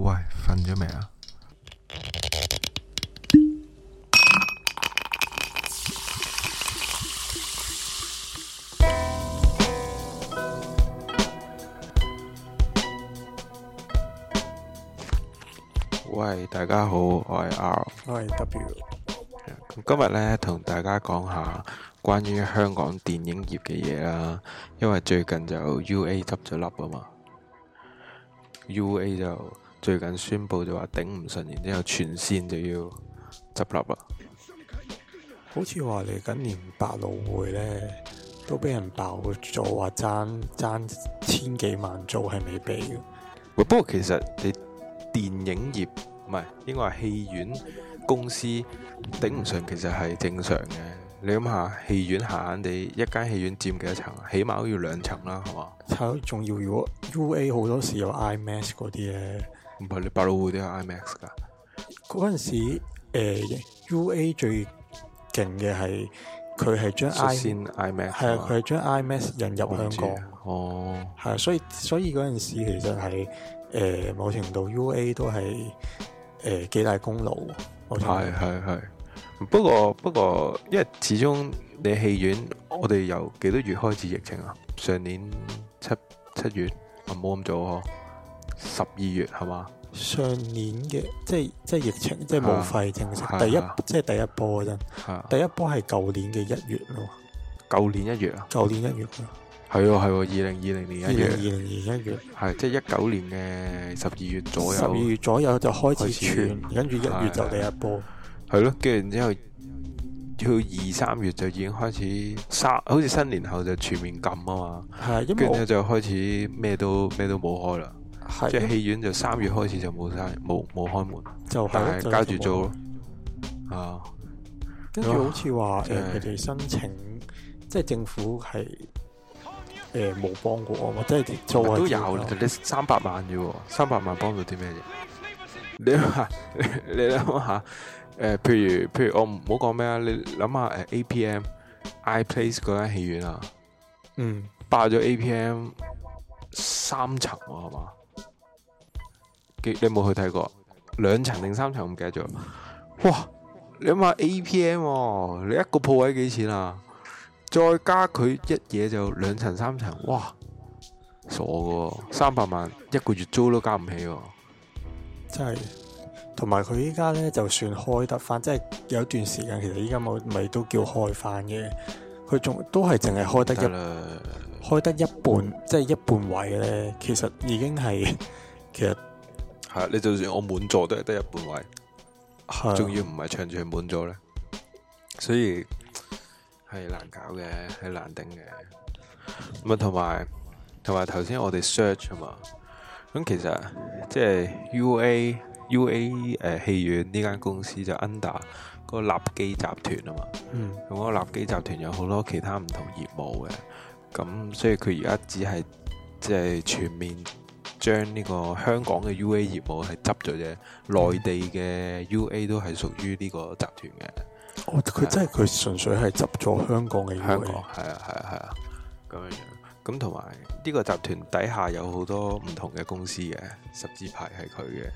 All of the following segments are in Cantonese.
喂，瞓咗未啊？喂，大家好，我係 R，我係 W。今日咧同大家講下關於香港電影業嘅嘢啦，因為最近就 U A 執咗笠啊嘛，U A 就。最近宣佈就話頂唔順，然之後全線就要執笠啦。好似話嚟緊年百老匯咧，都俾人爆咗話爭爭千幾萬租係未俾嘅。喂，不過其實你電影業唔係應該話戲院公司頂唔順，其實係正常嘅。你諗下戲院閒閒地一間戲院佔幾多層，起碼都要兩層啦，係嘛？仲要如果 UA 好多時有 IMAX 嗰啲咧。唔係你百老匯都有 IMAX 噶？嗰陣時誒，UA 最勁嘅係佢係將 IMAX，係啊，佢係將 IMAX 引入香港。哦，係啊，所以所以嗰陣時其實係誒，某程度 UA 都係誒幾大功勞。係係係，不過不過，因為始終你戲院我哋由幾多月開始疫情啊？上年七七月，啊冇咁早嗬。十二月係嘛？上年嘅，即係即係疫情，即係冇肺正式第一，啊、即係第一波嗰陣。啊、第一波係舊年嘅一月咯。舊年一月啊！舊年一月啊！係哦，係二零二零年一月。二零二零年一月係即係一九年嘅十二月左右。十二月左右就開始傳，跟住一月就第一波係咯。跟住然之後到二三月就已經開始三，好似新年後就全面禁啊嘛。係，跟住就開始咩都咩都冇開啦。即係戲院就三月開始就冇晒冇冇開門，就是，但係交住租咯。啊，嗯、跟住好似話誒，佢哋，就是呃、申請，即係政府係誒冇幫過我，即係啲租都有。你三百萬咋喎，三百萬幫到啲咩嘢？ 你下，你諗下，誒，譬如譬如我唔好講咩啊，你諗下誒、呃、A P M I Place 嗰間戲院啊，嗯，霸咗 A P M 三層喎，係嘛？你冇去睇過兩層定三層唔記得咗哇？你諗下 APM，、哦、你一個鋪位幾錢啊？再加佢一嘢就兩層三層哇，傻㗎，三百萬一個月租都加唔起、哦，真係。同埋佢依家咧，就算開得翻，即係有一段時間其實依家冇咪都叫開翻嘅，佢仲都係淨係開得一開得一半，即係一半位咧，其實已經係其實。係，你就算我滿座都係得一半位，仲要唔係場場滿座咧，所以係難搞嘅，係難頂嘅。咁啊，同埋同埋頭先我哋 search 啊嘛，咁其實即係、就是、U A U A 誒、呃、戲院呢間公司就 under 個立基集團啊嘛，咁、嗯、個立基集團有好多其他唔同業務嘅，咁所以佢而家只係即係全面。將呢個香港嘅 UA 業務係執咗啫，內、嗯、地嘅 UA 都係屬於呢個集團嘅。哦，佢真係佢純粹係執咗香港嘅 UA。香港係啊係啊係啊，咁樣、啊啊、樣。咁同埋呢個集團底下有好多唔同嘅公司嘅，十字牌係佢嘅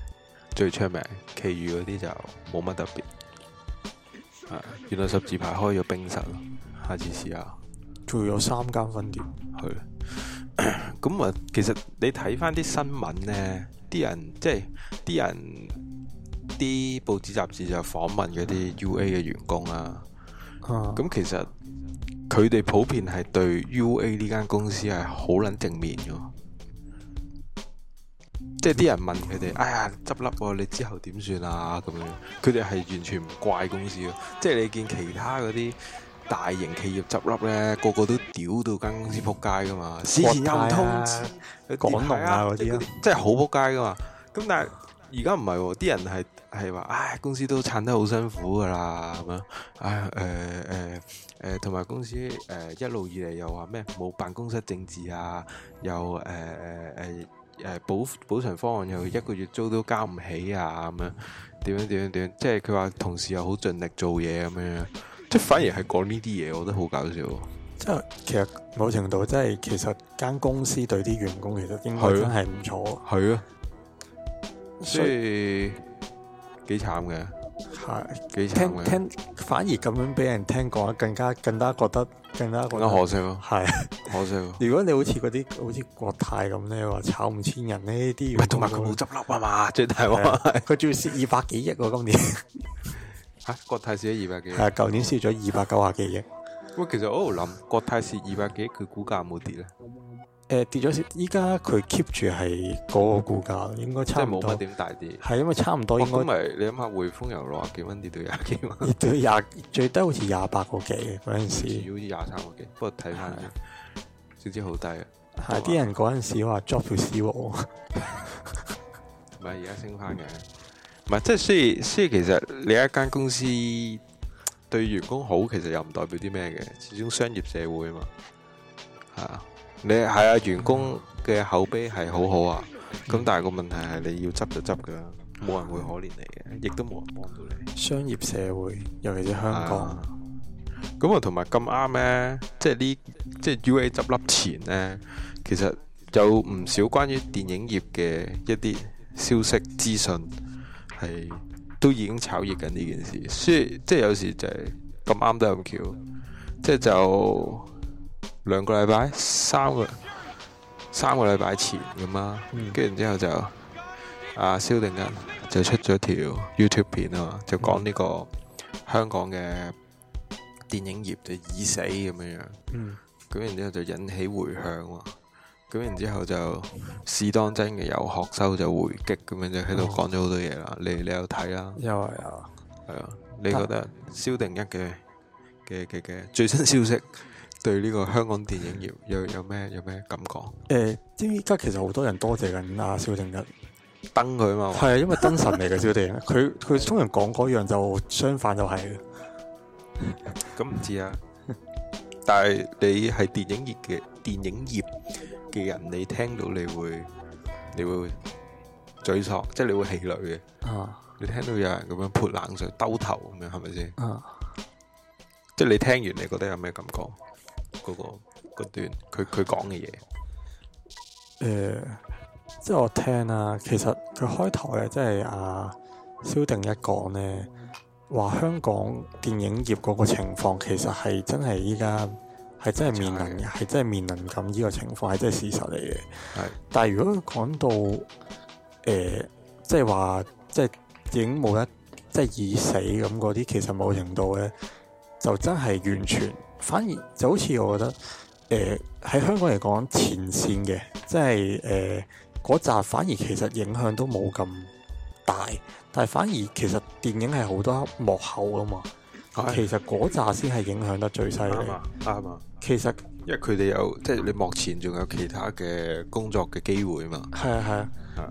最出名，其餘嗰啲就冇乜特別。啊，原來十字牌開咗冰室，下次試下。仲有三間分店，去、啊。咁啊、 嗯，其實你睇翻啲新聞呢，啲人即係啲人啲報紙雜誌就訪問嗰啲 U A 嘅員工啊，咁、啊嗯、其實佢哋普遍係對 U A 呢間公司係好捻正面嘅，即係啲人問佢哋，哎呀，執笠你之後點算啊？咁樣，佢哋係完全唔怪公司嘅，即係你見其他嗰啲。大型企業執笠咧，個個都屌到間公司仆街噶嘛，事前又通，通，港龍啊嗰啲啊，啊啊啊真係好仆街噶嘛。咁 但係而家唔係，啲人係係話，唉，公司都撐得好辛苦噶啦咁樣，唉，誒誒誒，同、呃、埋、呃呃、公司誒、呃、一路以嚟又話咩冇辦公室政治啊，又誒誒誒誒補補償方案又一個月租都交唔起啊咁樣，點樣點樣點樣，即係佢話同事又好盡力做嘢咁樣。即反而係講呢啲嘢，我覺得好搞笑，哦。即係其實某程度，即係其實間公司對啲員工，其實應該真係唔錯。係啊，所以幾慘嘅。係幾慘嘅。聽聽反而咁樣俾人聽講，更加更加覺得更加覺得更加可惜咯。係、啊、可惜。 如果你好似嗰啲好似國泰咁咧，話炒五千人呢啲唔係同埋佢冇執笠啊嘛，最大佢仲、啊、要蝕二百幾億喎，今年。 吓、啊，國泰蝕咗二百幾，係啊，舊年蝕咗二百九啊幾億。喂， 其實我喺度諗，國泰蝕二百幾億，佢股價有冇跌咧？誒、呃，跌咗少，依家佢 keep 住係嗰個股價，應該差唔多，即係冇乜點大跌。係因為咪差唔多應該。應該咪你諗下，匯豐由六十幾蚊跌到廿幾蚊，跌到廿 最低好似廿八個幾嗰陣時，好似廿三個幾。不過睇翻少少好低啊！係啲吧人嗰陣時話 drop to zero，唔係而家升翻嘅。唔係，即係雖然雖然，其實你一間公司對員工好，其實又唔代表啲咩嘅。始終商業社會啊嘛，吓，你係啊，員工嘅口碑係好好啊。咁但係個問題係你要執就執噶，冇人會可憐你嘅，亦都冇人幫到你。商業社會，尤其是香港咁啊，同埋咁啱咧，即係呢，即係 UA 執笠前呢。其實有唔少關於電影業嘅一啲消息資訊。係都已經炒熱緊呢件事，雖然即係有時就咁啱得咁巧，即係就兩個禮拜、三個三個禮拜前咁啦，跟住、啊嗯、然之後就阿蕭、啊、定恩就出咗條 YouTube 片啊，嘛，就講呢個香港嘅電影業就已死咁樣樣，咁、嗯、然之後就引起回響、啊。咁然之後就事當真嘅有學生就回擊咁樣，就喺度講咗好多嘢啦。你你又有睇啦？有啊有啊，係啊。你覺得蕭定但一嘅嘅嘅嘅最新消息對呢個香港電影業有有咩有咩感覺？誒、呃，知唔知而家其實好多人多謝緊阿蕭定一，登佢啊嘛。係啊，因為登神嚟嘅蕭定一，佢佢通常講嗰樣就相反就係、是，咁唔、嗯、知啊。但係你係電影業嘅電影業、業。嘅人，你聽到你會，你會沮喪，即係你會氣餒嘅。啊！你聽到有人咁樣潑冷水、兜頭咁樣，係咪先？啊！即係你聽完，你覺得有咩感覺？嗰個嗰段佢佢講嘅嘢，誒、呃，即係我聽啊，其實佢開頭咧，即係啊，蕭定一講咧，話香港電影業嗰個情況其實係真係依家。係真係面臨，係真係面臨咁呢個情況，係真係事實嚟嘅。係是，但係如果講到，誒、呃，即係話，即係影冇得，即係已死咁嗰啲，其實某程度咧，就真係完全，反而就好似我覺得，誒、呃，喺香港嚟講前線嘅，即係誒嗰集，反而其實影響都冇咁大，但係反而其實電影係好多幕後啊嘛。 其實嗰紮先係影響得最犀利，啱 啊！其實因為佢哋有即係你目前仲有其他嘅工作嘅機會嘛。係啊係啊，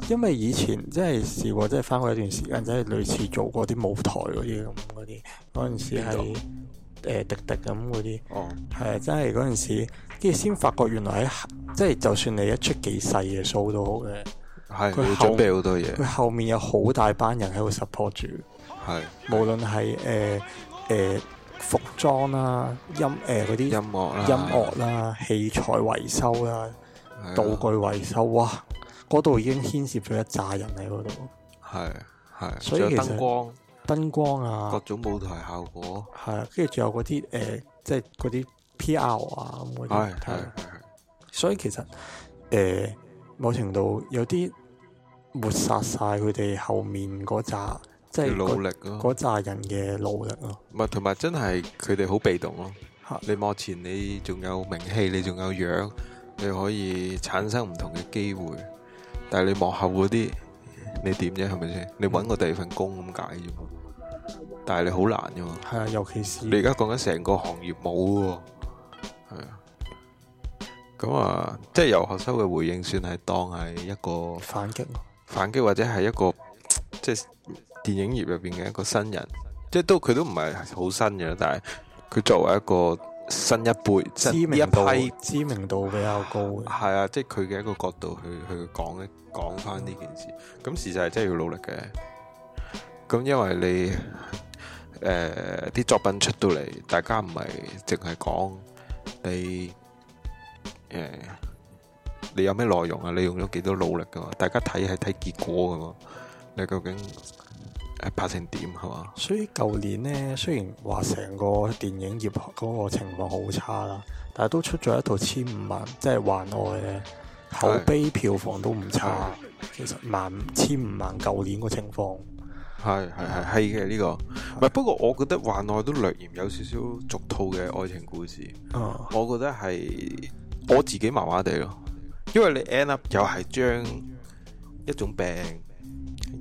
因為以前即係試過，即係翻過一段時間，即係類似做過啲舞台嗰啲咁嗰啲，嗰陣時係誒個、呃、滴滴咁嗰啲。哦，係啊，真係嗰陣時，跟住先發覺原來喺即係，就算你一出幾細嘅 show 都好嘅，係佢、嗯、後要準備好多嘢，佢後面有好大班人喺度 support 住，係、嗯、是無論係誒。呃誒、呃，服裝啦、啊，音誒嗰啲、呃、音樂啦、啊，音樂啦、啊，啊、器材維修啦、啊，啊、道具維修哇，嗰度已經牽涉咗一紮人喺嗰度。係係、啊，啊、所以其實燈光燈光啊，各種舞台效果係，跟住仲有嗰啲誒，即係嗰啲 P.R. 啊咁嗰啲。係係、啊啊啊啊、所以其實誒、呃，某程度有啲抹殺晒佢哋後面嗰扎。即係努力咯，嗰扎人嘅努力咯。唔係，同埋真係佢哋好被動咯。你幕前你仲有名氣，你仲有樣，你可以產生唔同嘅機會。但係你幕後嗰啲，你點啫？係咪先？你搵個第二份工咁解啫？嘛，但係你好難啫嘛。係啊，尤其是你而家講緊成個行業冇，係啊。咁啊，即係由學生嘅回應，算係當係一個反擊，反擊或者係一個即係。電影業入邊嘅一個新人，即係都佢都唔係好新嘅，但係佢作為一個新一輩，知名度知名度比較高嘅。係啊，即係佢嘅一個角度去去講一講返呢件事。咁事實係真係要努力嘅，咁因為你誒啲作品出到嚟，大家唔係淨係講你誒你有咩內容啊，你用咗幾多努力噶嘛，大家睇係睇結果噶嘛，你究竟拍成點係嘛？所以舊年呢，雖然話成個電影業嗰個情況好差啦，但係都出咗一套千五萬，即係《幻愛》呢，口碑票房都唔差。的其實萬千五萬舊年個情況係係係係嘅呢個。唔係，不過，我覺得《幻愛》都略嫌有少少俗套嘅愛情故事。嗯，我覺得係我自己麻麻地咯，因為你 end up 又係將一種病。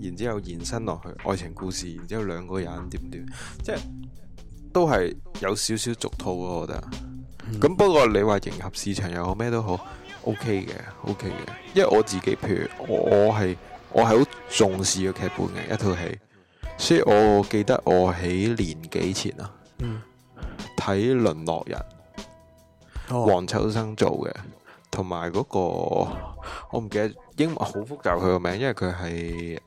然之後延伸落去愛情故事，然之後兩個人點點，即係都係有少少俗套咯，我覺得。咁不過你話迎合市場又好咩都好，OK 嘅，OK 嘅。因為我自己譬如我係我係好重視個劇本嘅一套戲，所以我記得我喺年幾前啊，睇、嗯《淪落人》，黃、哦、秋生做嘅。同埋嗰個，我唔記得英文好、啊、複雜佢個名，因為佢係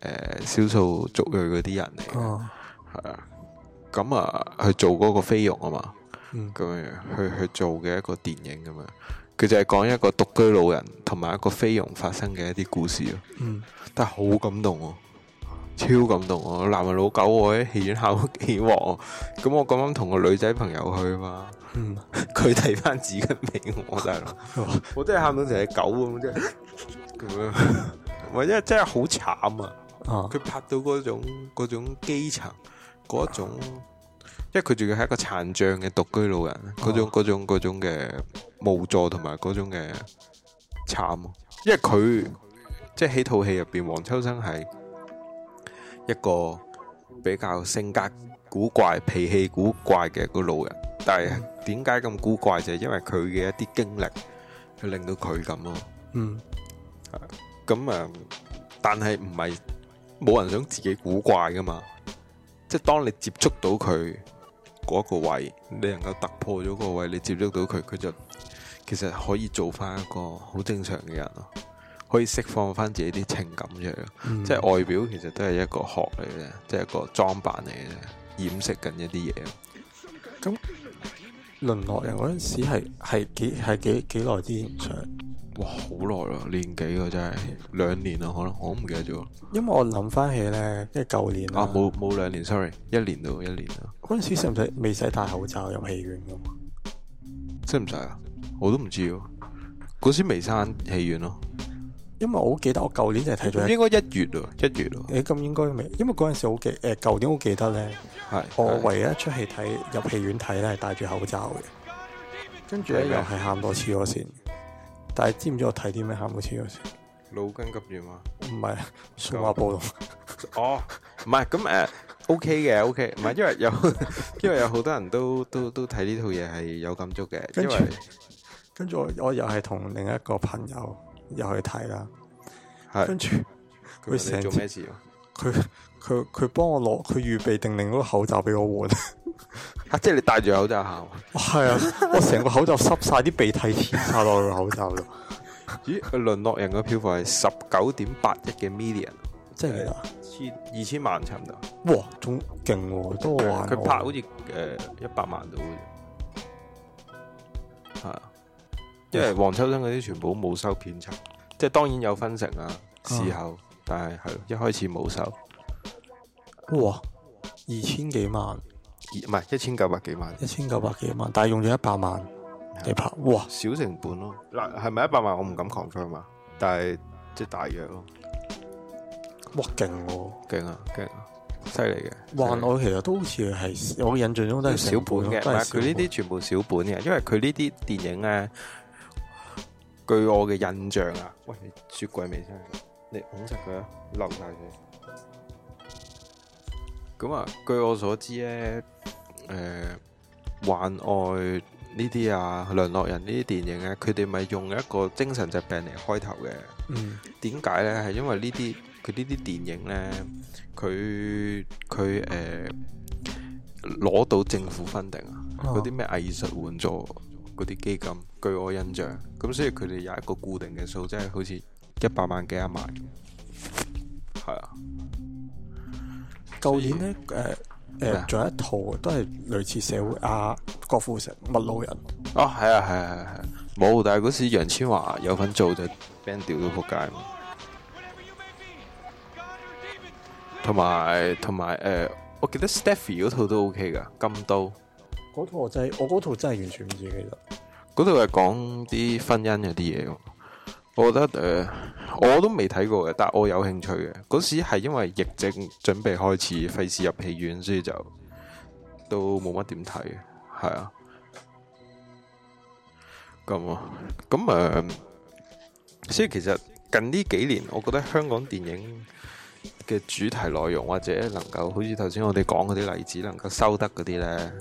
誒少數族裔嗰啲人嚟嘅，係、哦、啊，咁啊去做嗰個菲傭啊嘛，咁、嗯、樣樣、啊、去去做嘅一個電影咁樣，佢就係講一個獨居老人同埋一個菲傭發生嘅一啲故事咯，嗯，但係好感動哦、啊，超感動哦、啊，男人老狗我喺戲院喊咗幾鑊，咁、啊、我咁啱同個女仔朋友去啊嘛。嗯，佢遞翻紙巾俾我， 我真係，我真係喊到成隻狗咁，即係，唔係，即係真係好慘啊！佢、啊、拍到嗰種嗰種基層嗰種，因為佢仲要係一個殘障嘅獨居老人，嗰、啊、種嗰種嗰種嘅無助同埋嗰種嘅慘、啊，因為佢即係喺套戲入邊，黃秋生係一個比較性格古怪、脾氣古怪嘅、個老人，但係，嗯點解咁古怪就係、是、因為佢嘅一啲經歷，去令到佢咁咯。嗯，咁啊、嗯，但係唔係冇人想自己古怪噶嘛？即係當你接觸到佢嗰一個位，你能夠突破咗個位，你接觸到佢，佢就其實可以做翻一個好正常嘅人咯，可以釋放翻自己啲情感出嚟。嗯、即係外表其實都係一個殼嚟嘅，即、就、係、是、一個裝扮嚟嘅，掩飾緊一啲嘢。咁、嗯。嗯淪落人嗰陣時係係幾係幾幾耐之前唱？哇，好耐咯，年幾咯，真係兩年咯，可能我都唔記得咗。因為我諗翻起咧，即係舊年啊，冇冇兩年，sorry，一年到一年啊。嗰陣時使唔使未使戴口罩入戲院噶嘛？真係唔使啊！我都唔知咯、啊。嗰時未閂戲院咯、啊。因為我好記得我舊年就係睇咗，應該一月咯，一月咯。誒，咁應該未，因為嗰陣時好記，誒，舊年好記得咧。係，我唯一一出戲睇，入戲院睇咧係戴住口罩嘅。跟住又係喊多次咗先，但係知唔知我睇啲咩喊多次咗先？腦筋急轉彎？唔係，數碼波動。哦，唔係咁誒，OK 嘅，OK。唔係因為有，因為有好多人都都都睇呢套嘢係有感觸嘅。跟住，跟住我我又係同另一個朋友。又去睇啦，跟住佢成日做咩事，佢佢佢幫我攞，佢預備定另嗰個口罩俾我換，嗯呃。啊，即係你戴住口罩行？係啊，我成個口罩濕晒啲鼻涕黐曬落個口罩度。咦？佢淪落人嘅票房係十九點八億嘅 million，即係幾多？千二千萬差唔多。哇，仲勁喎，佢拍好似誒一百萬到。係啊。因為黃秋生嗰啲全部冇收片酬，即係當然有分成啊，事後，啊、但係係一開始冇收。哇，二千幾萬，唔係一千九百幾萬，一千九百幾萬，幾萬但係用咗一百萬嚟拍的，哇，小成本咯、啊。嗱，係咪一百萬我唔敢 confirm 啊，但係即係大約咯。哇，勁喎，勁啊，勁、啊，犀利嘅。幻愛其實都好似係我印象中都係、啊、小本嘅，佢呢啲全部小本嘅，因為佢呢啲電影啊。據我嘅印象啊，喂，你雪櫃未真係，你捧實佢啊，流晒佢！咁啊，據我所知咧，誒、呃，幻愛呢啲啊，淪落人呢啲電影咧，佢哋咪用一個精神疾病嚟開頭嘅。嗯。點解咧？係因為呢啲佢呢啲電影咧，佢佢誒，攞、呃、到政府分定啊，嗰啲咩藝術援助。嗰啲基金，據我印象，咁所以佢哋有一個固定嘅數，即係好似一百萬幾廿萬，係啊。舊 以年咧，誒誒仲有一套都係類似社會阿郭、啊、富城麥路人。哦，係啊，係係啊，冇。但係嗰時楊千嬅有份做就 band 掉到撲街。同埋同埋誒，我記得 Stephy 嗰套都 OK 噶，《金都》。套真係，我嗰套真係完全唔知，其實嗰套係講啲婚姻嗰啲嘢，我覺得誒、呃，我都未睇過嘅，但係我有興趣嘅。嗰時係因為疫症準備開始，費事入戲院，所以就都冇乜點睇嘅，係啊。咁啊，咁啊、呃，所以其實近呢幾年，我覺得香港電影。嘅主題內容或者能夠好似頭先我哋講嗰啲例子，能夠收得嗰啲呢，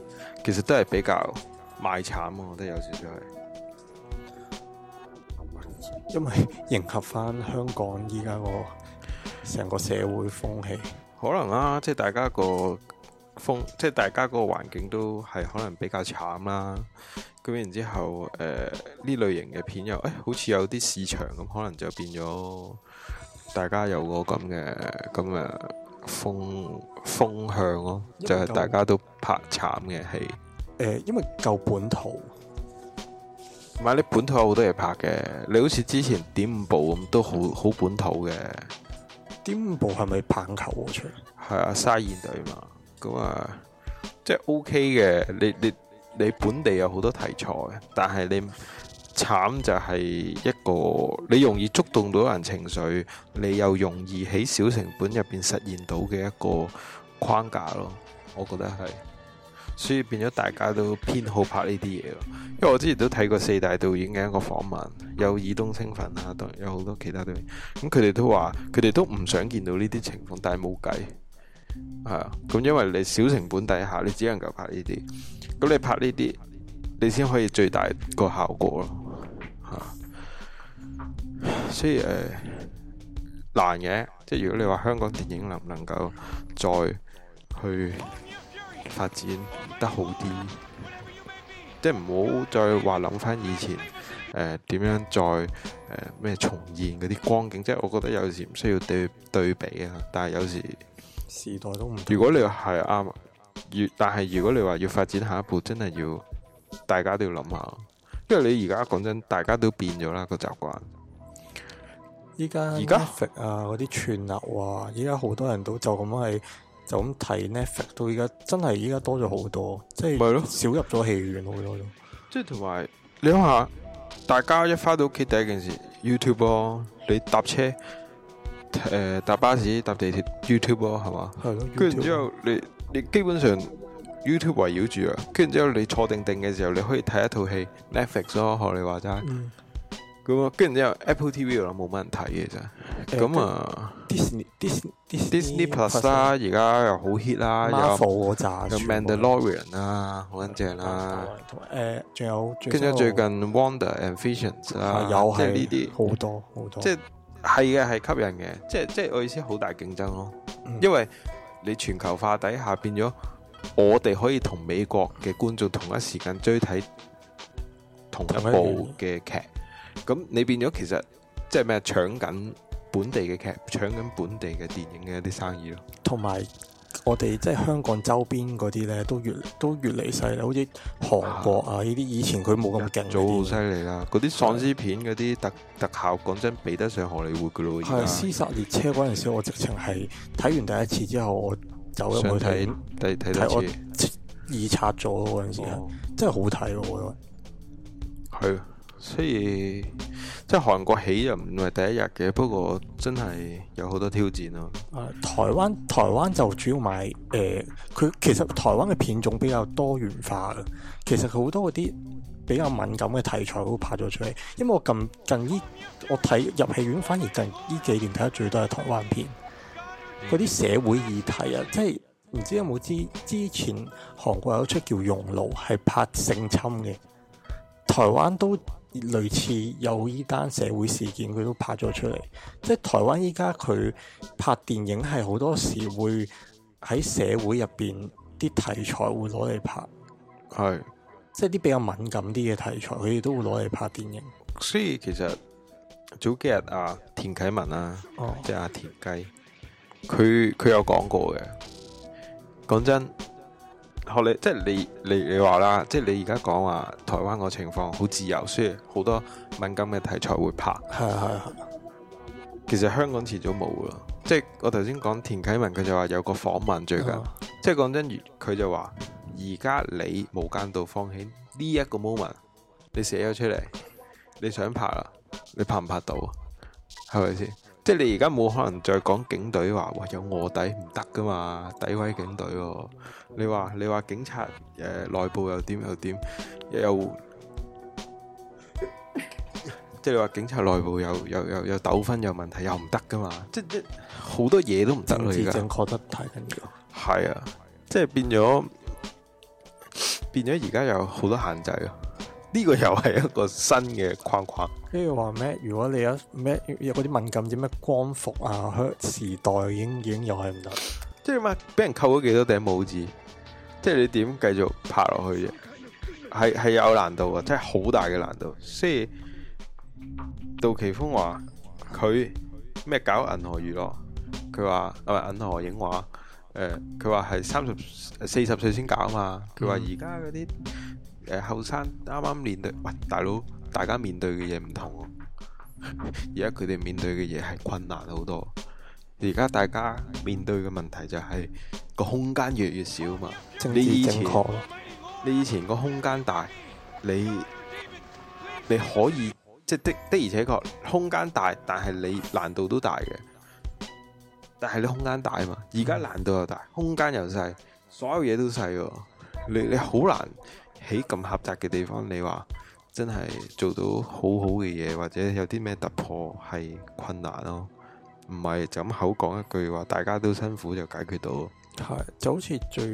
其實都係比較賣慘，我覺得有少少係，因為迎合翻香港依家個成個社會風氣，可能啦，即係大家個風，即係大家嗰個環境都係可能比較慘啦。咁然之後，誒呢類型嘅片又誒，好似有啲市場咁，可能就變咗。大家有個咁嘅咁嘅風風向咯，就係大家都拍慘嘅戲。誒，因為夠本土，唔係你本土有好多嘢拍嘅。你好似之前點五步咁，都好好本土嘅。點五步係咪棒球場？係啊，沙燕隊嘛。咁、嗯、啊，即係 OK 嘅。你你你本地有好多題材，但係你。慘就係一個你容易觸動到人情緒，你又容易喺小成本入邊實現到嘅一個框架咯，我覺得係，所以變咗大家都偏好拍呢啲嘢咯。因為我之前都睇過四大導演嘅一個訪問，有爾冬陞份啦，當然有好多其他導演，咁佢哋都話，佢哋都唔想見到呢啲情況，但係冇計，係啊，咁因為你小成本底下，你只能夠拍呢啲，咁你拍呢啲，你先可以最大個效果咯。啊、所以誒、呃、難嘅，即係如果你話香港電影能唔能夠再去發展得好啲？即係唔好再話諗翻以前誒點、呃、樣再咩、呃、重現嗰啲光景，即係我覺得有時唔需要對對比啊，但係有時時代都唔同，如果你話係啱，如但係如果你話要發展下一步，真係要大家都要諗下。因為你而家講真，大家都變咗啦個習慣。依家而家啊，嗰啲串流啊，依家好多人都就咁係就咁睇 Netflix，到而家真係依家多咗好多，即係咪咯？少入咗戲院好多咯。即係同埋你諗下，大家一翻到屋企第一件事 YouTube 咯、哦，你搭車誒搭、呃、巴士搭地鐵 YouTube 咯、哦，係嘛？係咯。跟住之後、啊、你你基本上。YouTube 圍繞住啊，跟住之後你坐定定嘅時候，你可以睇一套戲 Netflix 咯，學你話齋。咁，跟住之後 Apple TV 啦，冇乜人睇嘅啫。咁啊，Disney Disney Disney Plus 啦，而家又好 hit 啦，有 Marvel 咋，The Mandalorian 啦，好正啦，誒，仲有，跟住最近 WandaVision 啦，即係呢啲好多好多。即係係嘅，係吸引嘅，即係即係我意思，好大競爭咯，因為你全球化底下變咗。我哋可以同美國嘅觀眾同一時間追睇同一部嘅劇，咁你變咗其實即係咩搶緊本地嘅劇，搶緊本地嘅電影嘅一啲生意咯。同埋我哋即係香港周邊嗰啲咧，都越都越嚟細啦，好似韓國啊呢啲，以前佢冇咁勁，早好犀利啦！嗰啲喪屍片嗰啲特特效，講真比得上荷里活㗎咯。係《屍殺列車》嗰陣時，我直情係睇完第一次之後我。就有冇睇，睇睇我易拆咗嗰陣時，哦、真係好睇喎！我以為係，所以、嗯、即係韓國起又唔係第一日嘅，不過真係有好多挑戰咯。誒、嗯，台灣台灣就主要買誒，佢、呃、其實台灣嘅片種比較多元化嘅，其實佢好多嗰啲比較敏感嘅題材都拍咗出嚟。因為我近近呢，我睇入戲院，反而近呢幾年睇得最多係台灣片。嗰啲社會議題啊，即係唔知有冇知之前韓國有出叫《熔爐》，係拍性侵嘅。台灣都類似有依單社會事件，佢都拍咗出嚟。即係台灣依家佢拍電影係好多時會喺社會入邊啲題材會攞嚟拍，係是即係啲比較敏感啲嘅題材，佢哋都會攞嚟拍電影。所以其實早幾日啊，田啟文啊，oh. 即係、啊、阿田雞。佢佢有講過嘅，講真學你，即係你你你話啦，即係你而家講話台灣個情況好自由，雖然好多敏感嘅題材會拍。係係 其實香港遲早冇咯，即係我頭先講田啟文，佢就話有個訪問最近， 即係講真，佢就話而家你無間道放棄呢一個 moment，你寫咗出嚟，你想拍啦，你拍唔拍到啊？係咪先？即係你而家冇可能再講警隊話，哇，有臥底唔得噶嘛，詆毀警隊哦。你話你話警察，誒內、呃、部又點又點又， 即係你話警察內部有有有有糾紛，有問題又唔得噶嘛？即係好多嘢都唔得噶政治掌控得太緊要。係啊，即係變咗變咗，而家有好多限制啊。呢個又係一個新嘅框框。跟住話咩？如果你有咩有嗰啲敏感啲咩光復啊、時代影影又係唔得。即係點啊？俾人扣咗幾多頂帽子？即係你點繼續拍落去嘅？係係有難度啊！即係好大嘅難度。所以杜琪峰話佢咩搞銀河娛樂，佢話唔係銀河影畫。誒、呃，佢話係三十四十歲先搞嘛。佢話而家嗰啲。誒，後生啱啱面對喂，大佬，大家面對嘅嘢唔同。而家佢哋面對嘅嘢係困難好多。而家大家面對嘅問題就係、是、個空間越嚟越少嘛。正正你以前你以前個空間大，你你可以即、就是、的的而且確空間大，但係你難度都大嘅。但係你空間大嘛，而家難度又大，空間又細，所有嘢都細，你你好難。喺咁狹窄嘅地方，你話真係做到好好嘅嘢，或者有啲咩突破係困難咯。唔係就咁口講一句話，大家都辛苦就解決到。係就好似最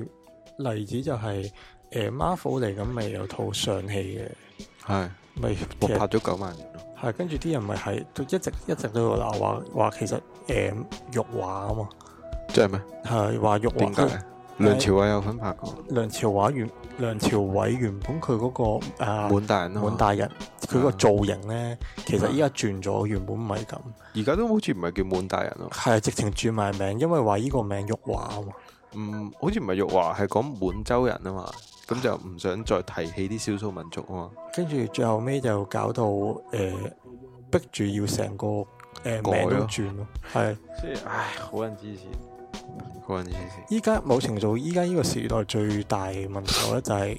例子就係誒 Marvel 嚟咁，咪、欸、有套上戲嘅，係咪是拍咗九萬年？係跟住啲人咪係都一直一直都有鬧話話其實誒辱華啊嘛，即係咩？係話辱華點解？梁朝偉有分拍過。梁朝偉原梁朝偉原本佢嗰個誒、啊、滿大人，滿大人佢個造型咧，其實依家轉咗，原本唔係咁。而家都好似唔係叫滿大人咯。係直情轉埋名，因為話依個名玉華。嗯，好似唔係玉華，係講滿洲人啊嘛，咁就唔想再提起啲少數民族啊嘛。跟住最後尾就搞到誒，逼住要成個誒、呃、名都轉咯。係，所以唉，好多人支持。個人私事。依家冇程度，依家呢個時代最大嘅問題咧，就是，就係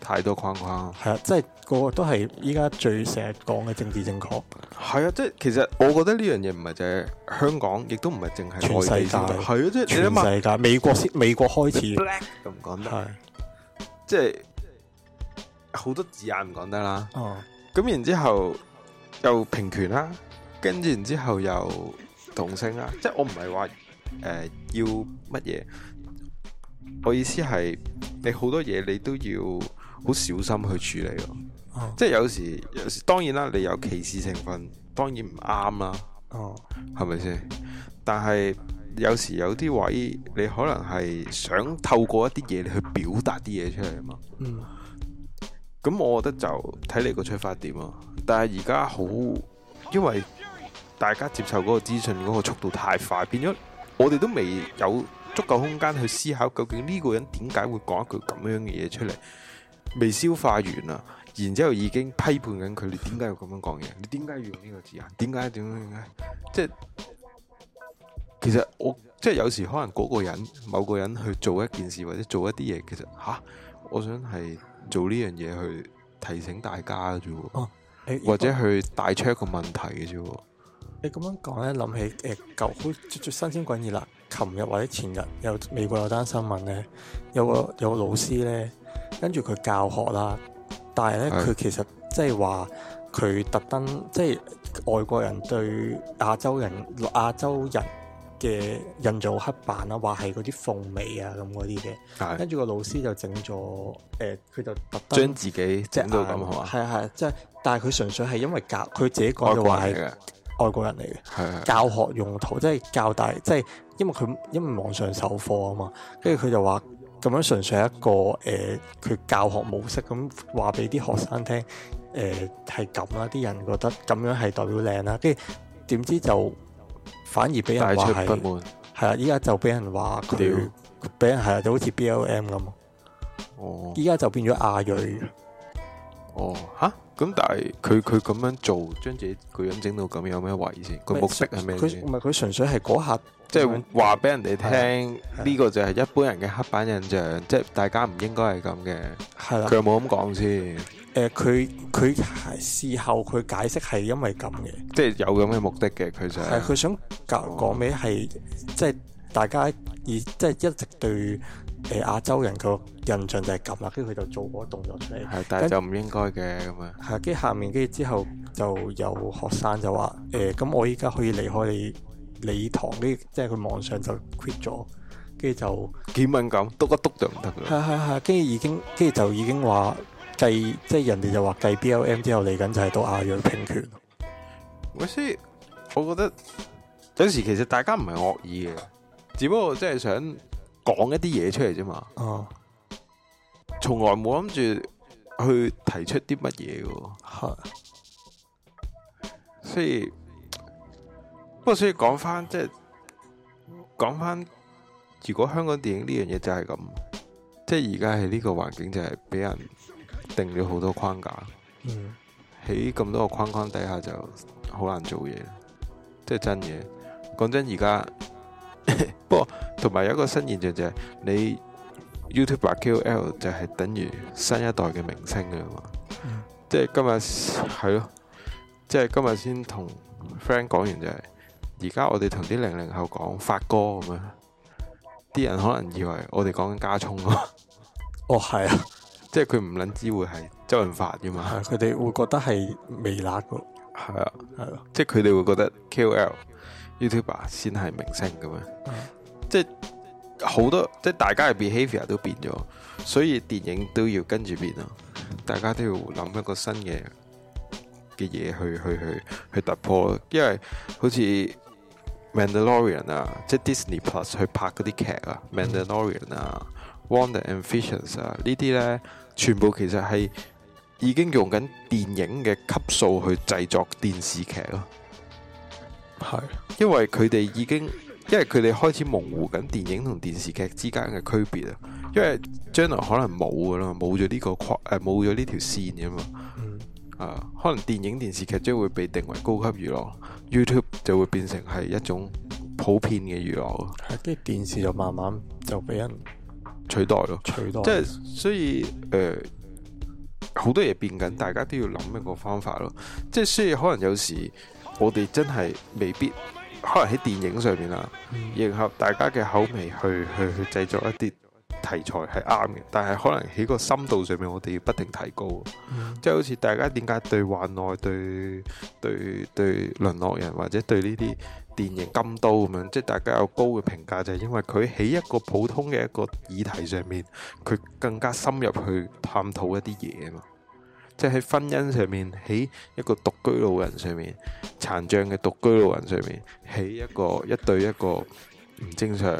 太多框框。係啊，即係個個都係依家最成日講嘅政治正確。係啊，即係其實我覺得呢樣嘢唔係淨係香港，亦都唔係淨係全世界。係啊，即係全世界，想想美國先美國開始，咁講得係，是即係好多字眼唔講得啦。咁，嗯，然之後又平權啦，跟住然之後又同性啦，即係我唔係話。呃，要乜嘢？我意思係你好多嘢，你都要好小心去處理咯。Oh. 即係有時，有時當然啦，你有歧視成分，當然唔啱啦。哦，係咪先？但係有時有啲位，你可能係想透過一啲嘢你去表達啲嘢出嚟啊嘛。Oh. 嗯。咁我覺得就睇你個出發點啊。但係而家好，因為大家接受嗰個資訊嗰個速度太快，變咗。我哋都未有足夠空間去思考，究竟呢個人點解會講一句咁樣嘅嘢出嚟？未消化完啊，然之後已經批判緊佢，你點解要咁樣講嘢？你點解要用呢個字呀？點解點樣點解？即係其實我即係有時可能嗰個人、某個人去做一件事或者做一啲嘢，其實吓、啊，我想係做呢樣嘢去提醒大家嘅啫，哦、或者去帶出一個問題嘅啫。你咁樣講咧，諗起誒舊好最最新鮮滾熱啦！琴日或者前日有美國有單新聞咧，有個有個老師咧，跟住佢教學啦，但係咧佢其實即係話佢特登即係外國人對亞洲人亞洲人嘅印象黑板啦，話係嗰啲鳳尾啊咁嗰啲嘅，的跟住個老師就整咗誒，佢、呃、就特登將自己整到咁好啊，係啊係，即係但係佢純粹係因為教佢自己講嘅話係嘅。外國人嚟嘅，的教學用途即係教大，即係因為佢因為網上授課啊嘛，跟住佢就話咁樣純粹係一個誒佢、呃、教學模式，咁話俾啲學生聽誒係咁啦，啲、呃、人覺得咁樣係代表靚啦，跟住點知就反而俾人話係係啊，依家就俾人話佢俾人係就好似 B L M 咁，哦，依家就變咗亞裔。哦，吓？咁但係佢，佢咁樣做，將自己個樣整到咁，有咩壞意思？佢目的係咩先？佢唔係，佢純粹係嗰下，即係話俾人哋聽呢個就係一般人嘅黑板印象，即係大家唔應該係咁嘅。係啦，佢有冇咁講先？誒，佢，佢事後佢解釋係因為咁嘅，即係有咁嘅目的嘅。佢就係佢想講，講咩係，即係大家以即係一直對。誒，亞洲人個印象就係咁啦，跟住佢就做嗰個動作出嚟。係，但係就唔應該嘅咁啊。係，跟住下面跟住之後就有學生就話：誒、呃，咁我依家可以離開你禮堂，呢即係佢網上就 quit 咗，跟住就幾敏感，篤一篤就唔得啦。係係係，跟住已經跟住就已經話計，即係人哋就話計 B L M 之後嚟緊就係到亞裔平權。我先，我覺得有時其實大家唔係惡意嘅，只不過即係想。講一啲嘢出嚟啫嘛，從、uh. 來冇諗住去提出啲乜嘢嘅，Huh. 所以不過所以講翻，即係講翻，如果香港電影呢樣嘢就係咁，即係而家喺呢個環境就係俾人定咗好多框架，喺咁、mm hmm. 多個框框底下就好難做嘢，即係真嘢，講真而家。不過同埋有一個新現象就係你 YouTuber KOL 就係等於新一代嘅明星噶嘛，嗯、即係今日係咯，即係今日先同 friend 講完就係、是，而家我哋同啲零零後講發哥咁樣，啲人可能以為我哋講緊家聰啊，哦係啊，即係佢唔捻知會係周潤發噶嘛，佢哋會覺得係微辣噶，係啊係啊，即係佢哋會覺得 KOL。YouTuber 先係明星咁樣，Mm. 即係好多，即係大家嘅 behavior 都變咗，所以電影都要跟住變咯。大家都要諗一個新嘅嘅嘢去去去去突破咯。因為好似《Mandalorian》啊，即係 Disney Plus 去拍嗰啲劇啊，《Mandalorian》啊，《Wanda and Vision》啊，呢啲呢，全部其實係已經用緊電影嘅級數去製作電視劇咯。係，是因為佢哋已經，因為佢哋開始模糊緊電影同電視劇之間嘅區別啊，因為將來可能冇㗎喇，冇咗呢個框，誒、呃，冇咗呢條線㗎嘛，嗯、啊，可能電影電視劇將會被定為高級娛樂，YouTube 就會變成係一種普遍嘅娛樂，係，跟住電視就慢慢就畀人取代咯，取代，即係所以誒好、呃、多嘢變緊，大家都要諗一個方法咯，即係所以可能有時。我哋真係未必，可能喺電影上面啦，迎合大家嘅口味去去去製作一啲題材係啱嘅，但係可能喺個深度上面，我哋要不停提高。即係好似大家點解對《幻愛》對對對《淪落人》或者對呢啲電影《金都》咁樣，即係大家有高嘅評價，就係因為佢喺一個普通嘅一個議題上面，佢更加深入去探討一啲嘢嘛。即係喺婚姻上面，喺一個獨居老人上面，殘障嘅獨居老人上面，喺一個一對一個唔正常，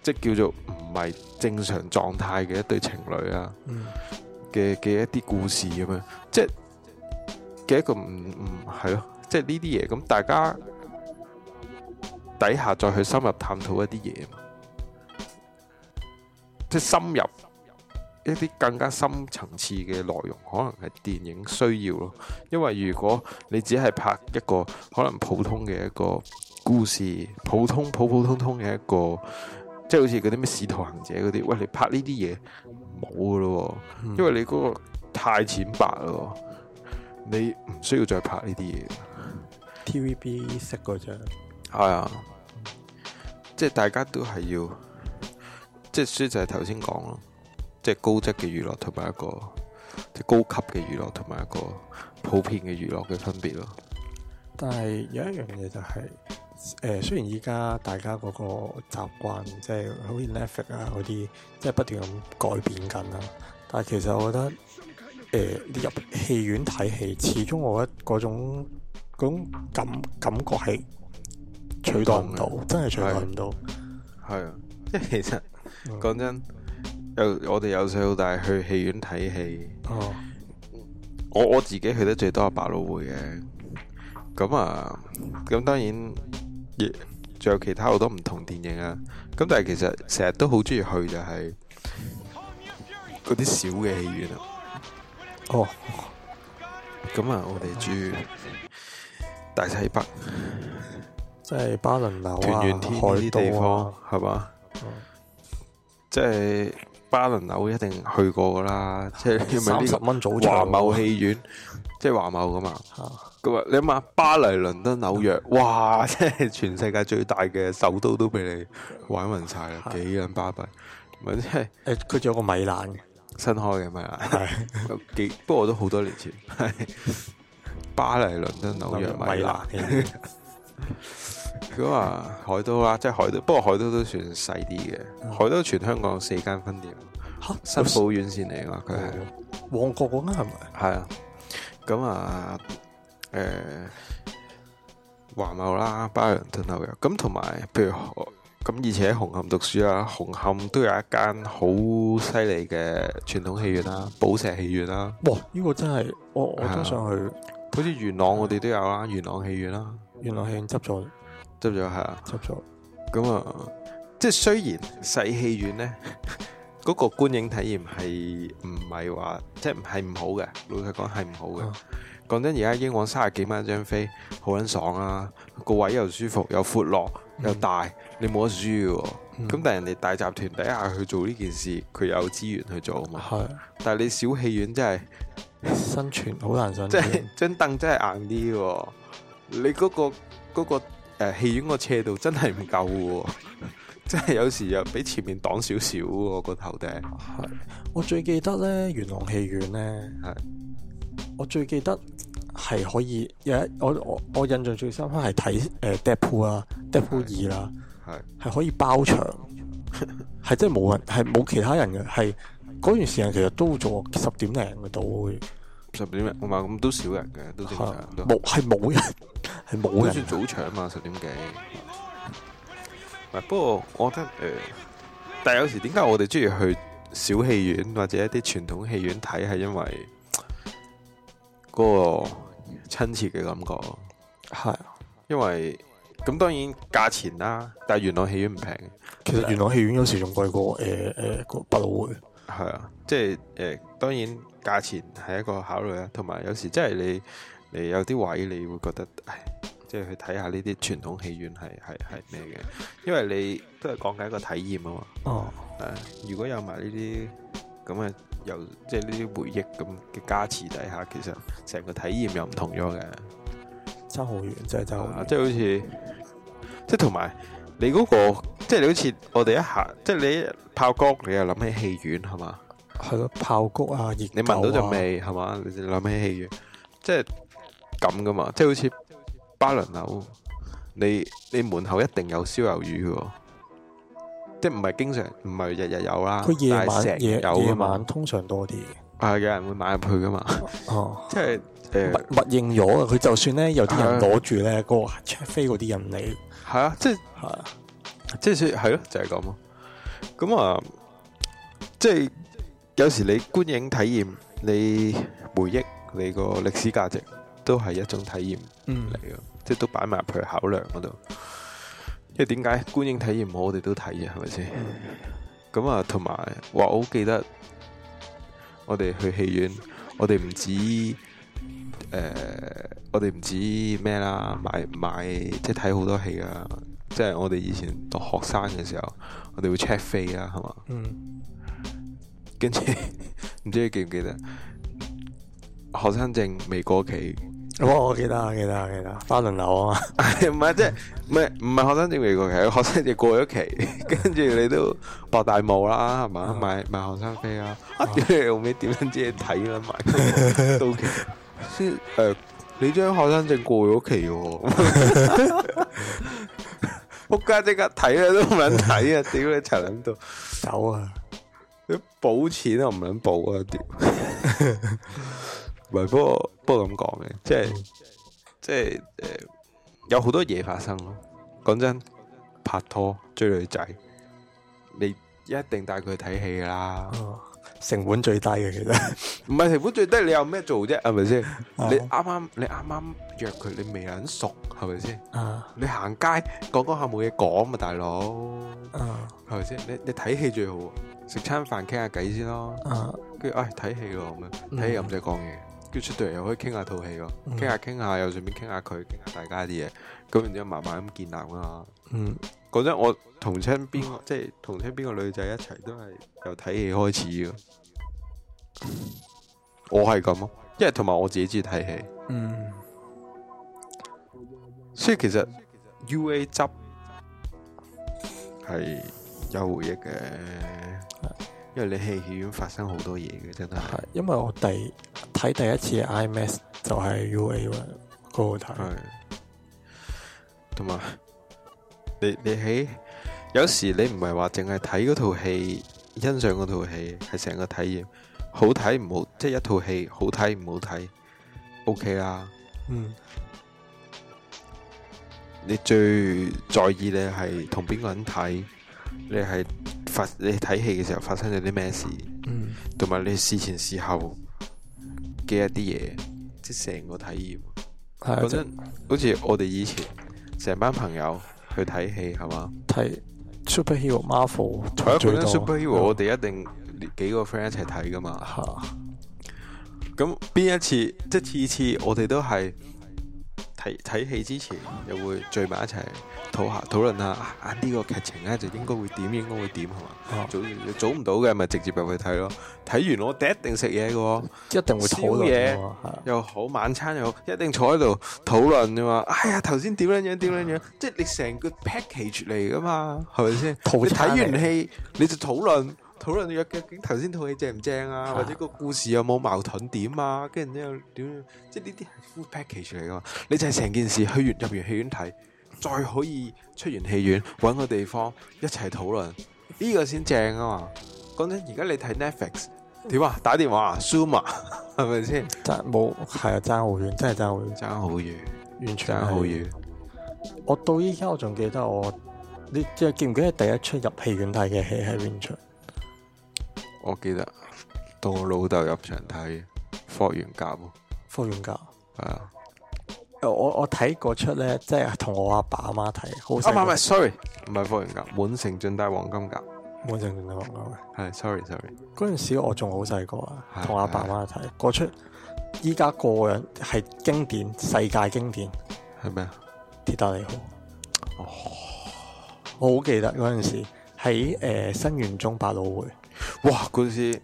即叫做唔係正常狀態嘅一對情侶啊，嘅嘅一啲故事咁樣，即係嘅一個唔唔係咯，即係呢啲嘢咁，大家底下再去深入探討一啲嘢，即係深入。一啲更加深層次嘅內容，可能係電影需要咯。因為如果你只係拍一個可能普通嘅一個故事，普通普普通通嘅一個，即係好似嗰啲咩《使徒行者》嗰啲，喂，你拍呢啲嘢冇噶咯，哦嗯、因為你嗰個太淺白咯，你唔需要再拍呢啲嘢。TVB 識嗰張，係啊、哎呀，嗯、即係大家都係要，即係所以就係頭先講咯。即係高質嘅娛樂同埋一個，即係高級嘅娛樂同埋一個普遍嘅娛樂嘅分別咯。但係有一樣嘢就係、是，誒、呃、雖然依家大家嗰個習慣，即係好似 Netflix 啊嗰啲，即係不斷咁改變緊啦。但係其實我覺得，誒、呃、入戲院睇戲，始終我覺得嗰種嗰種感感覺係取代唔到，對真係取代唔到。係啊，即係其實講、嗯、真。有我哋由細到大去戲院睇戲，我戲戲、oh. 我，我自己去得最多係百老匯嘅，咁啊，咁當然，亦仲有其他好多唔同電影啊。咁但係其實成日都好中意去就係嗰啲小嘅戲院啊。哦，咁啊，我哋住大西北，即係、oh. 嗯即係、巴倫樓啊、屯元天、海呢啲地方係嘛，即係。巴倫紐一定去過噶啦，即係三十蚊早場，華茂戲院，即係元、嗯、 華茂噶嘛。咁啊， 你諗下巴黎、倫敦、紐約，哇！即係全世界最大嘅首都都俾你玩暈晒啦，幾撚巴閉？唔係即係誒，佢仲有個米蘭嘅 新開嘅米蘭，有幾不過我都好多年前。係巴黎、倫敦、紐約、米蘭。米蘭 佢話海都啦，即係海都，不過海都都算細啲嘅。哦、海都全香港四間分店，好哈，辛苦遠線嚟啊！佢係旺角嗰間係咪？係啊，咁、呃、啊，誒，華茂啦，巴倫頓都有。咁同埋，譬如咁，以前喺紅磡讀書啊，紅磡都有一間好犀利嘅傳統戲院啦、啊，寶石戲院啦、啊。哇，呢、這個真係，我我都想去。啊、好似元朗我哋都有啦，的元朗戲院啦、啊，元朗戲院執咗。執咗係啊，執咗。咁啊了、嗯，即係雖然細戲院咧，嗰 個觀影體驗係唔係話即係唔係唔好嘅，老實講係唔好嘅。講、嗯、真，而家英皇卅幾萬一張飛，好撚爽啊！個位又舒服，又闊落，又大，嗯、你冇得輸嘅、哦。咁、嗯、但係人哋大集團底下去做呢件事，佢有資源去做啊嘛。係。是但係你小戲院真係生存好難，生存即係張凳真係硬啲嘅。你嗰個個。誒，戲、uh, 院個斜度真係唔夠嘅，即 係有時又俾前面擋少少個頭頂。係，我最記得咧，元朗戲院咧，係是，我最記得係可以，有一我我我印象最深刻係睇誒《Deadpool》啊，啊《Deadpool 二》啦，係，係可以包場，係 真係冇人，係冇其他人嘅，係嗰段時間其實都做十點零嘅到。十點，唔係咁都少人嘅，都正常。冇係冇人，係冇人。算早場嘛，十點幾。 不過我覺得誒、呃，但係有時點解我哋中意去小戲院或者一啲傳統戲院睇，係因為嗰個親切嘅感覺。係的，因為咁當然價錢啦，但係元朗戲院唔平。其實元朗戲院有時仲貴過誒誒、呃呃、百老匯。係啊，即係誒、呃，當然。價錢係一個考慮啊，同埋有，有時真係你，你有啲位你會覺得，唉，即係去睇下呢啲傳統戲院係係係咩嘅，因為你都係講緊一個體驗啊嘛。哦，誒、啊，如果有埋呢啲，咁嘅又，即係呢啲回憶咁嘅加持底下，其實成個體驗又唔同咗嘅。差好遠，真係差好遠，啊。即係好似，即係同埋你嗰個，即係你好似我哋一下，即係你炮哥，你又諗起戲院係嘛？係咯，爆谷啊！你聞到隻味係嘛？你諗起戲院，即係咁噶嘛？即係好似巴倫樓，你你門口一定有燒魷魚嘅，即係唔係經常，唔係日日有啦。佢夜晚夜晚通常多啲，係有人會買入去噶嘛？哦，即係誒默認咗啊！佢就算咧有啲人攞住咧，個 check 飛嗰啲人嚟係啊，即係係啊，即係所以係咯，就係咁咯。咁啊，即係。有時你觀影體驗，你回憶你個歷史價值，都係一種體驗嚟嘅，嗯、即係都擺埋去考量嗰度。因為點解觀影體驗好、嗯，我哋都睇嘅係咪先？咁啊，同埋我好記得，我哋去戲院，我哋唔止誒、呃，我哋唔止咩啦，買買即係睇好多戲㗎。即係、啊、我哋以前讀學生嘅時候，我哋會 check 飛啦，係嘛？嗯跟住唔知你記唔記得學生證未過期？我記得，記得，記得。花輪樓啊嘛？唔係，即係唔係唔係學生證未過期，學生證過咗期。跟住你都搏大霧啦，係嘛？買買學生飛啊？屌你老味，點樣知睇啦？買到期先誒，你張學生證過咗期喎，仆街即刻睇啦，都唔肯睇啊！屌你層諗到走啊！你補錢我唔捻補啊！屌，唔 係不過不過咁講嘅，即係即係誒，有好多嘢發生咯。講真，拍拖追女仔，你一定帶佢去睇戲啦。哦成本最低嘅其實，唔係成本最低，你有咩做啫？係咪先？你啱啱你啱啱約佢，你未撚熟，係咪先？啊！你行街講講下冇嘢講嘛，大佬。啊！係咪先？你你睇戲最好，食餐飯傾下偈先咯。啊！跟住，唉，睇戲咯咁樣，睇戲又唔使講嘢，跟住出到嚟又可以傾下套戲咯，傾下傾下又順便傾下佢，傾下大家啲嘢，咁然之後慢慢咁建立啊嘛。嗯。講真，我同親邊個即係同親邊個女仔一齊都係由睇戲開始嘅。我係咁咯，因為同埋我自己中意睇戲。嗯，所以其實 U A 執係有回憶嘅，因為你戲院發生好多嘢嘅，真係。係，因為我第睇第一次 IMAX 就係 U A 啦，嗰個台。係。同埋。你你喺有時你唔係話淨係睇嗰套戲，欣賞嗰套戲係成個體驗，好睇唔好，即係一套戲好睇唔好睇，OK 啦、啊。嗯，你最在意你係同邊個人睇，你係發你睇戲嘅時候發生咗啲咩事，同埋、嗯、你事前事後嘅一啲嘢，即係成個體驗。係啊，真，好似我哋以前成班朋友。去睇戲係嘛？睇 Superhero Marvel，係啊！除咗 Superhero，我哋一定幾個 friend 一齊睇噶嘛。吓，咁邊一次即係次次，我哋都係。睇睇戲之前又會聚埋一齊討下，討論下啊呢、呢個劇情咧、啊、就應該會點應該會點係嘛？做做唔到嘅咪直接入去睇咯。睇完我哋一定食嘢嘅，一定會討論嘢、哦，宵夜又好，晚餐又好，一定坐喺度討論噶嘛。哎呀頭先點樣樣點樣樣，樣 uh huh. 即係你成個 package 嚟噶嘛，係咪先？附餐 你睇完戲、嗯、你就討論。討論究竟頭先套戲正唔正啊？或者個故事有冇矛盾點啊？跟住之後點樣，即係呢啲係 full package 嚟㗎嘛。你就係成件事去完入完戲院睇，再可以出完戲院揾個地方一齊討論呢個先正啊！嘛講真，而家你睇 Netflix 點啊？打電話啊，Zoom 啊？係咪先？爭冇係啊？爭好遠，真係爭好遠，爭好遠，完全爭好遠。我到依家我仲記得我，你即係記唔記得第一出入戲院睇嘅戲係邊出？我記得到我老豆入場睇霍元甲霍元甲係啊，我我睇嗰出咧，即係同我阿爸阿媽睇，好唔唔係，sorry，唔係霍元甲，滿城盡帶黃金甲，滿城盡帶黃金甲係、啊、，sorry sorry，嗰陣時我仲好細個，同阿爸阿媽睇嗰出，依家個人係經典，世界經典係咩啊？鐵達尼號，oh, 我好記得嗰陣時喺誒、呃、新園中百老匯。哇！嗰時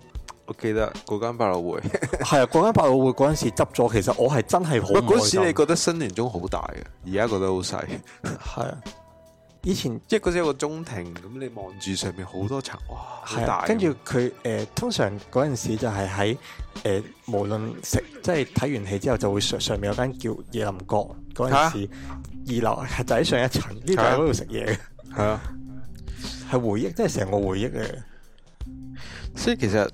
我記得嗰間百老匯係啊，嗰間百老匯嗰陣時執咗，其實我係真係好。嗰時你覺得新年鐘好大嘅，而家覺得好細。係 啊，以前即係嗰時有個中庭，咁你望住上面好多層，哇，係啊，啊。跟住佢誒，通常嗰陣時就係喺誒，無論食即係睇完戲之後，就會上上面有間叫椰林閣嗰陣時，二樓、啊、就喺、是、上一層，呢度喺度食嘢嘅，係、嗯、 啊，係回憶，即係成個回憶啊！所以其實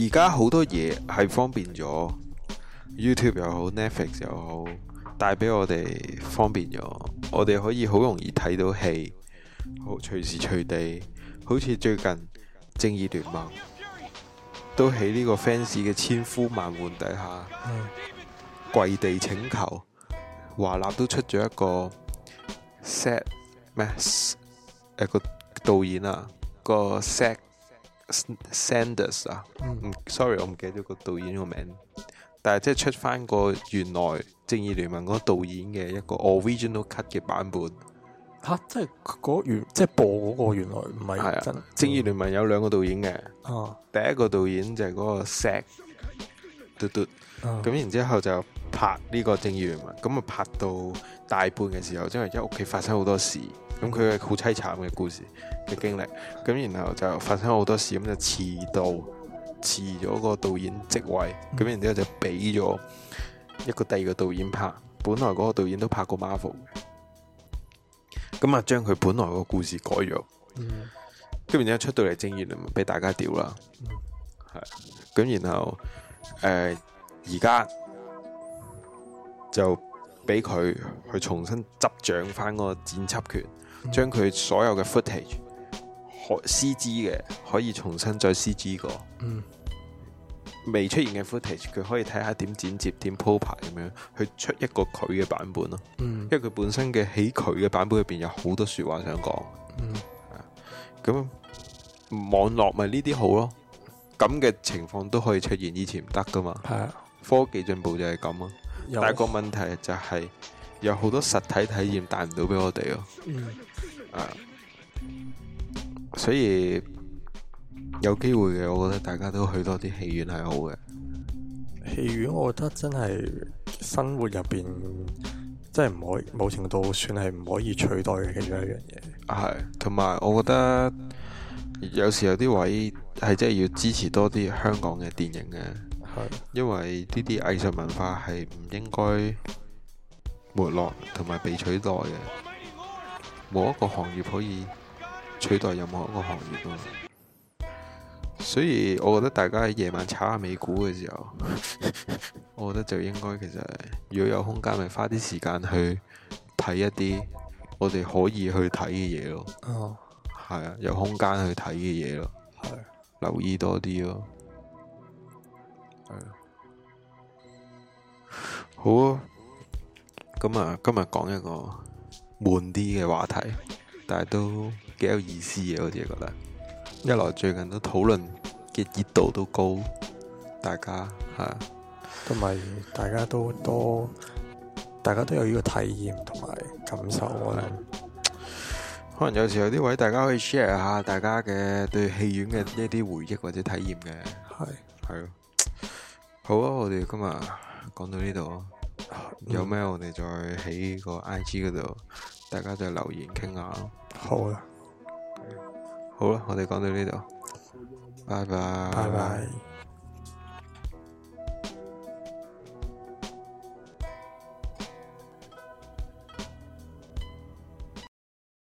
而家好多嘢係方便咗，YouTube 又好，Netflix 又好，帶俾我哋方便咗。我哋可以好容易睇到戲，好隨時隨地。好似最近正義聯盟都喺呢個 fans 嘅千呼萬喚底下，嗯、跪地請求華納都出咗一個 set s 一個導演啊，個 set。Sanders 啊、嗯、sorry，我唔記得個導演個名，但係即係出翻個原來正義聯盟嗰個導演嘅一個 original cut 嘅版本，吓，即係嗰原即係播嗰個原來唔係真。啊嗯、正義聯盟有兩個導演嘅，啊，第一個導演就係嗰個 Zack，嘟嘟。咁、啊、然之後，後就拍呢個正義聯盟，咁啊拍到大半嘅時候，因為而家屋企發生好多事。咁佢係好凄慘嘅故事嘅經歷，咁然後就發生好多事，咁就遲到，遲咗個導演職位，咁然之後就俾咗一個第二個導演拍。本來嗰個導演都拍過 Marvel，咁啊將佢本來個故事改咗，咁、mm hmm. 然之後出到嚟正片，咪俾大家屌啦。係咁、mm，hmm. 然後誒而家就俾佢去重新執掌翻嗰個剪輯權。將佢所有嘅 footage 可 C G 嘅，可以重新再 C G 過。嗯、未出現嘅 footage，佢可以睇下點剪接、點鋪排咁樣，去出一個佢嘅版本咯。嗯、因為佢本身嘅喺佢嘅版本入邊有好多說話想講。咁、嗯啊、網絡咪呢啲好咯，咁嘅情況都可以出現，以前唔得㗎嘛。的科技進步就係咁啊，有但係個問題就係、是、有好多實體體驗帶唔到俾我哋咯、啊。嗯所以有機會嘅，我覺得大家都去多啲戲院係好嘅。戲院我覺得真係生活入邊，真係唔可以，某程度算係唔可以取代嘅其中一樣嘢。係、啊，同埋我覺得有時有啲位係真係要支持多啲香港嘅電影嘅。係，因為呢啲藝術文化係唔應該沒落同埋被取代嘅。冇一個行業可以取代任何一個行業咯、啊，所以我覺得大家喺夜晚炒下美股嘅時候， 我覺得就應該其實，如果有空間，咪花啲時間去睇一啲我哋可以去睇嘅嘢咯。哦，係啊，有空間去睇嘅嘢咯，係、啊、留意多啲咯，係、啊。好啊，咁啊，今日講一個。悶啲嘅話題，但係都幾有意思嘅，我自己覺得。一來最近都討論嘅熱度都高，大家係，同埋大家都多，大家都有呢個體驗同埋感受，可能、嗯、可能有時候有啲位大家可以 share 下，大家嘅對戲院嘅一啲回憶或者體驗嘅，係係咯。好啊，我哋今日講到呢度啊。 有咩我哋再喺個 IG 嗰度，大家再留言傾下咯。好啦了， 好啦，我哋講到呢度，拜拜。Bye bye。